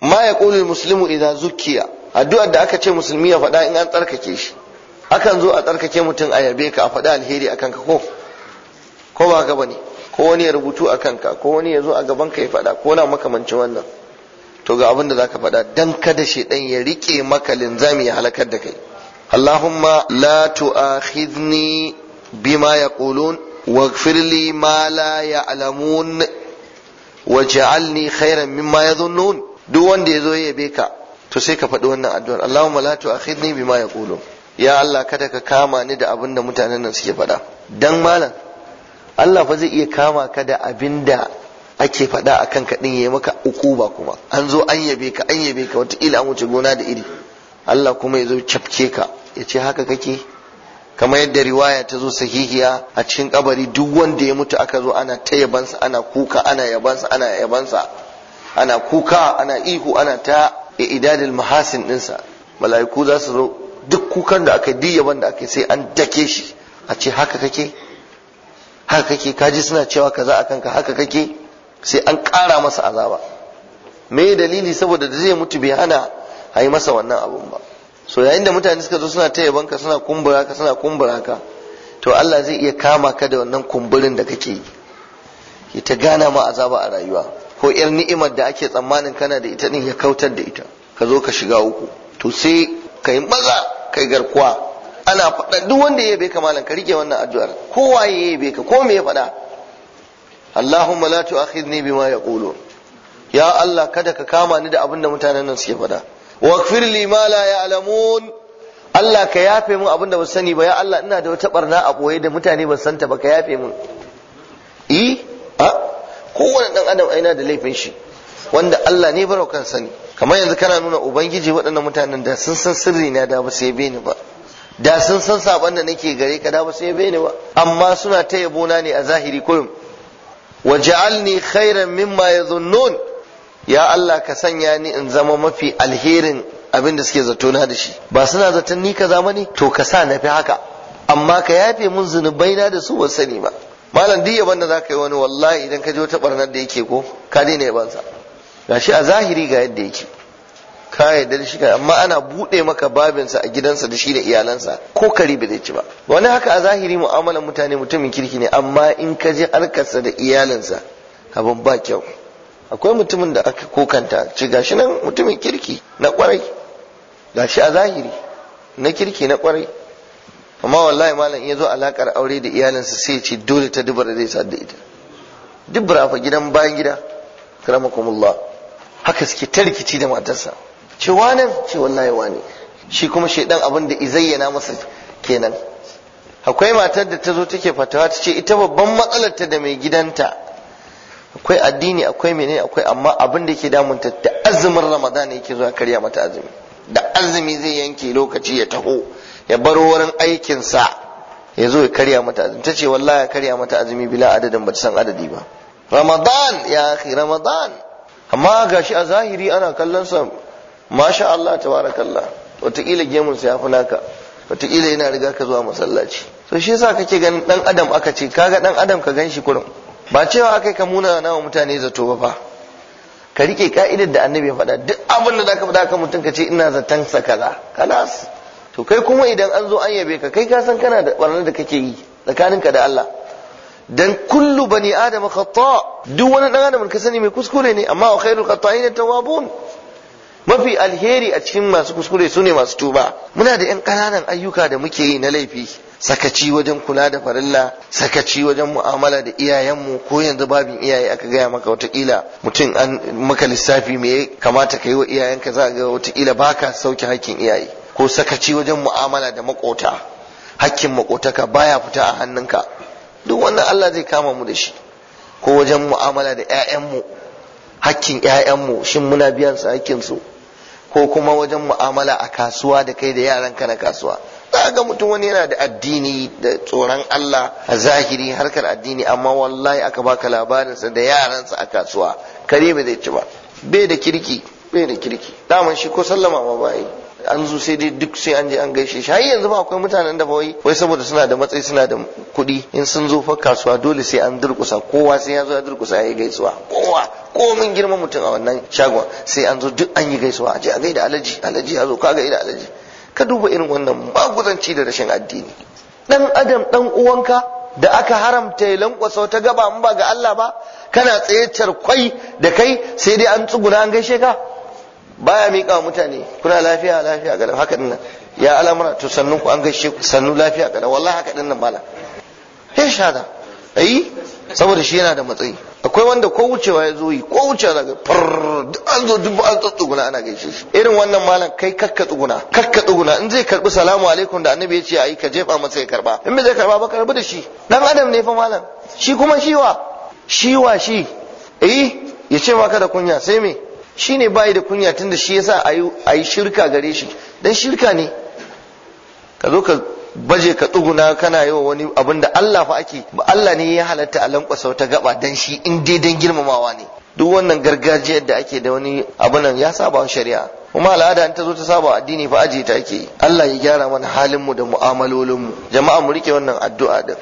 ma yaqulu musulmi ida zukiya addu'ar da aka ce musulmi ya faɗa in an tsarkake shi akan zo a tsarkake mutum a yabe ka a faɗa alheri a kanka ko ko ba ka bane ko wani ya rubutu a kanka ko wani ya zo a gaban ka ya faɗa ko na makamancin wannan to ga abin da ka faɗa dan kada shi ɗan ya rike maka linzami ya halakar da kai Allahumma la tu'akhidni bima yaqulun waghfir li ma la ya'lamun waj'alni khairan mimma yadhunnun duk wanda ya zo ya yabe ka to sai ka faɗi wannan addu'ar Allahumma la tu'akhidni bima yaqulu ya Allah kada ka kama ni da abinda da mutanen nan suke faɗa dan malam Allah fa zai iya kama ka da abin da ake faɗa akan kanka ɗin ya maka ukuba kuma an zo an yabe ka an yabe ka wataƙila an wuce gona da iri Allah kuma ya zo cafke ka ya ce haka kake kamar yadda riwaya ta zo sahihiya a cikin kabari duk wanda ya mutu aka zo ana ta yabansa ana kuka ana yabansa ana yabansa ana kuka ana ihu ana ta idadin mahasin dinsa mala'iku za su zo duk kukan da aka diya wanda aka sai an dake shi a ce haka kake haka kake kaji suna cewa ka za a kanka haka kake sai an ƙara masa azaba me dalili saboda da zai mutu bai hana a yi masa wannan abun ba so yayin da mutane suka zo suna ta yabanka suna kumbura ka suna kumbura ka to Allah zai iya kama ka da wannan kumburin da kake yi ta gana ma azaba a rayuwa ko yar ni'imar da ake tsammanin kana da ita ne ya kautar da ita ka zo ka shiga uku to sai ka yi maza kai garkuwa ana faɗa duk wanda ya bai ka malam ka rike wannan addu'ar kowa ya bai ka ko me ya faɗa Allahumma la tu'akhidni bima yaqulun ya Allah kada ka kama ni da abin da mutanen nan suke faɗa waghfir li ma la ya'lamun Allah ka yafe mun abin da ba sani ba ya Allah ina da wata barna a boye da mutane ba santa ba ka yafe mun eh kowane dan adam aina da laifin shi wanda Allah ne barau kan sani kamar yanzu kana nuna ubangiji waɗannan mutanen da sun san sirri na da ba su yabe ni ba da sun san saban da nake gare ka da ba su yabe ni ba amma suna ta yabo na ne a zahiri kullum waj'alni khairan mimma yadhunnun ya Allah ka sanya ni in zama mafi alherin abin da suke zato na da shi ba suna zaton ni kaza ne? to ka sa na fi haka amma ka yafe mun zunubai na da su ba sani ba malam duk yaban da za ka yi wani wallahi idan ka je wata barnar da yake ko ka daina Ga gashi a zahiri ga yadda yake ka yadda da shi ka amma ana buɗe maka babinsa a gidansa da shi da iyalansa ko kari bai zai ci ba wani haka a zahiri mu'amalar mutane mutumin kirki ne amma in ka je harkarsa da iyalinsa abin ba kyau akwai mutumin da aka kokanta ga gashi nan mutumin kirki na kwarai gashi a zahiri na kirki na kwarai amma wallahi malam ya zo alakar aure da iyalinsa sai ya ce dole ta dubara zai sa da ita dubara fa gidan bayan gida karamakumullah haka suke ta rikici da matarsa ce wani ce wallahi wani shi kuma shaidan abin da izayyana masa kenan akwai matar da ta zo take fatawa ta ce ita babban matsalar ta da mai gidanta akwai addini akwai menene akwai amma abin da yake damunta da azumin ramadan yake zuwa karya mata azumi da azumi zai yanke lokaci ya taho ya bar wurin aikinsa ya zo ya karya mata azumi ta ce wallahi ya karya mata azumi bila adadin ba san adadi ba ramadan ya akhi ramadan amma gashi a zahiri ana kallon sa masha Allah tabarakallah wataƙila gemun sa ya fi naka wataƙila yana riga ka zuwa masallaci so shi yasa kake ganin dan adam aka ce kaga dan adam ka ganshi kurum ba cewa akai ka muna nawa mutane zato ba fa ka rike ka'idar da annabi ya faɗa duk abin da zaka faɗa ka mutum ka ce ina zaton sa kaza kalas to kai kuma idan an zo an yabe ka kai ka san kana da barnar da kake yi tsakaninka da Allah dan kullu bani adam khata duk wani dan adam ka sani mai kuskure ne amma khairul khata'in tawabun mafi alheri a cikin masu kuskure sune ne masu tuba muna da 'yan ƙananan ayyuka da muke yi na laifi sakaci wajen kula da farilla sakaci wajen mu'amala da iyayenmu ko yanzu babin iyaye aka gaya maka watakila mutum an maka lissafi me kamata ka yi wa iyayenka za ga watakila baka sauke hakkin iyaye ko sakaci wajen mu'amala da makota hakkin makotaka baya fita a hannunka duk wannan Allah zai kama mu da shi ko wajen mu'amala da 'ya'yanmu hakkin 'ya'yanmu shin muna biyan su hakkin su ko kuma wajen mu'amala a kasuwa da kai da yaran ka na kasuwa za ga mutum wani yana da addini da tsoron Allah a zahiri harkar addini amma wallahi aka baka labarinsa da yaransa a kasuwa kare bai zai ci ba bai da kirki bai da kirki daman shi ko sallama ma ba an zo sai dai duk sai an je an gaishe shi har yanzu ba akwai mutanen da bawai wai saboda suna da matsayi suna da kuɗi in sun zo fa kasuwa dole sai an durkusa kowa sai ya zo ya durkusa ya yi gaisuwa kowa komin girman mutum a wannan shagon sai an zo duk an yi gaisuwa a je a gaida alaji alaji ya zo ka gaida alaji ka duba irin wannan maguzanci da rashin addini dan adam dan uwanka da aka haramta ya lankwasa wata gaba mun ba ga Allah ba kana tsaye kwai da kai sai dai an tsuguna an gaishe ka baya miƙa wa mutane kuna lafiya lafiya ga haka dinnan ya alamura to sannu ku an gaishe ku sannu lafiya ga wallahi haka dinnan bala he shada ai saboda shi yana da matsayi akwai wanda ko wucewa ya zo yi ko wucewa daga duk an zo duk an tsuguna ana gaishe shi irin wannan malam kai kakka tsuguna kakka tsuguna in zai karbi salamu alaikum da annabi ya ce ayi ka jefa masa ya karba in bai zai karba ba karbi da shi dan adam ne fa malam shi kuma shiwa shiwa shi eh ya ce maka da kunya sai me Shi ne bayi da kunya tun da shi yasa a yi shirka gare shi dan shirka ne ka zo ka baje ka tsuguna kana yi wa wani abin da Allah fa ake ba Allah ne ya halatta a lankwasa wata gaba dan shi in daidan girmamawa ne duk wannan gargajiyar da ake da wani abin ya saba shari'a kuma al'ada ta zo ta saba addini fa aje ta ake Allah ya gyara mana halin mu da mu'amalolin mu jama'a mu rike wannan addu'a da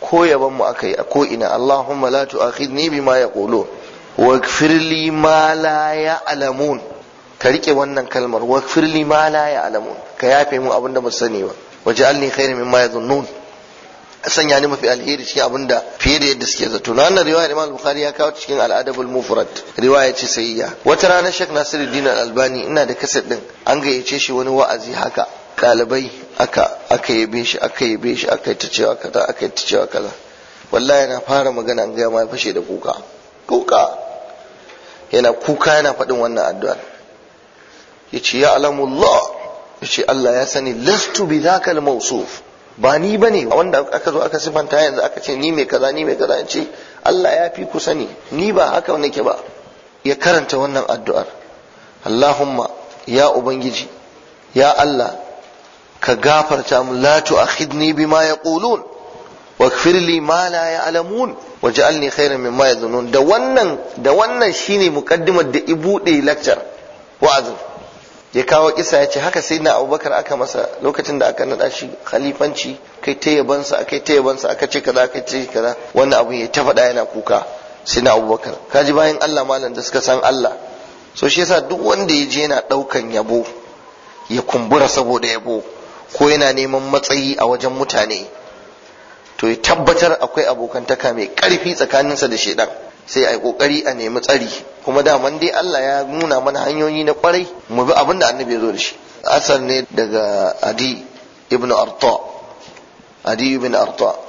ko yaban mu akai a ko ina Allahumma la tu'akhidni bima yaqulun wakfirli ma la alamun ka rike wannan kalmar wakfirli ma la alamun ka yafe mu abinda ba sani ba waj'alni khairan mimma yadhunnun sanya ni mafi alheri cikin abin da fiye da yadda suke zato nan riwaya Imam Bukhari ya kawo cikin Al-Adabul Mufrad riwaya ce sayyiya wata rana Sheikh Nasiruddin Al-Albani ina da kaset din an gayyace shi wani wa'azi haka ɗalibai aka aka yabe shi aka yabe shi aka ta cewa kaza aka ta cewa kaza wallahi na fara magana an gaya ma fashe da kuka kuka yana kuka yana faɗin wannan addu'ar yace ya alamullah Allah ya sani lastu bi dhakal mausuf ba ni bane wanda aka zo aka sifanta yanzu aka ce ni mai kaza ni mai kaza ce Allah ya fi ku sani ni ba haka nake ba ya karanta wannan addu'ar Allahumma ya ubangiji ya Allah ka gafarta mu la tu'akhidni bima yaqulun waghfir li ma la ya'lamun waj'alni khairan mimma yadhunun da wannan da wannan shine muqaddimar da ibude lecture wa'azi ya kawo kisa ya ce haka sai na abubakar aka masa lokacin da aka naɗa shi khalifanci kai ta yabansa kai ta yabansa aka ce kaza aka ce kaza wannan abu ya ta faɗa yana kuka sai na abubakar kaji bayan Allah malam da suka san Allah so shi yasa duk wanda ya je yana ɗaukan yabo ya kumbura saboda yabo ko yana neman matsayi a wajen mutane to ya tabbatar akwai abokantaka mai ƙarfi tsakaninsa da shaidan sai a yi ƙoƙari a nemi tsari kuma daman dai Allah ya nuna mana hanyoyi na kwarai mu bi abin da annabi ya zo da shi asar ne daga adi ibn arta adi ibn arta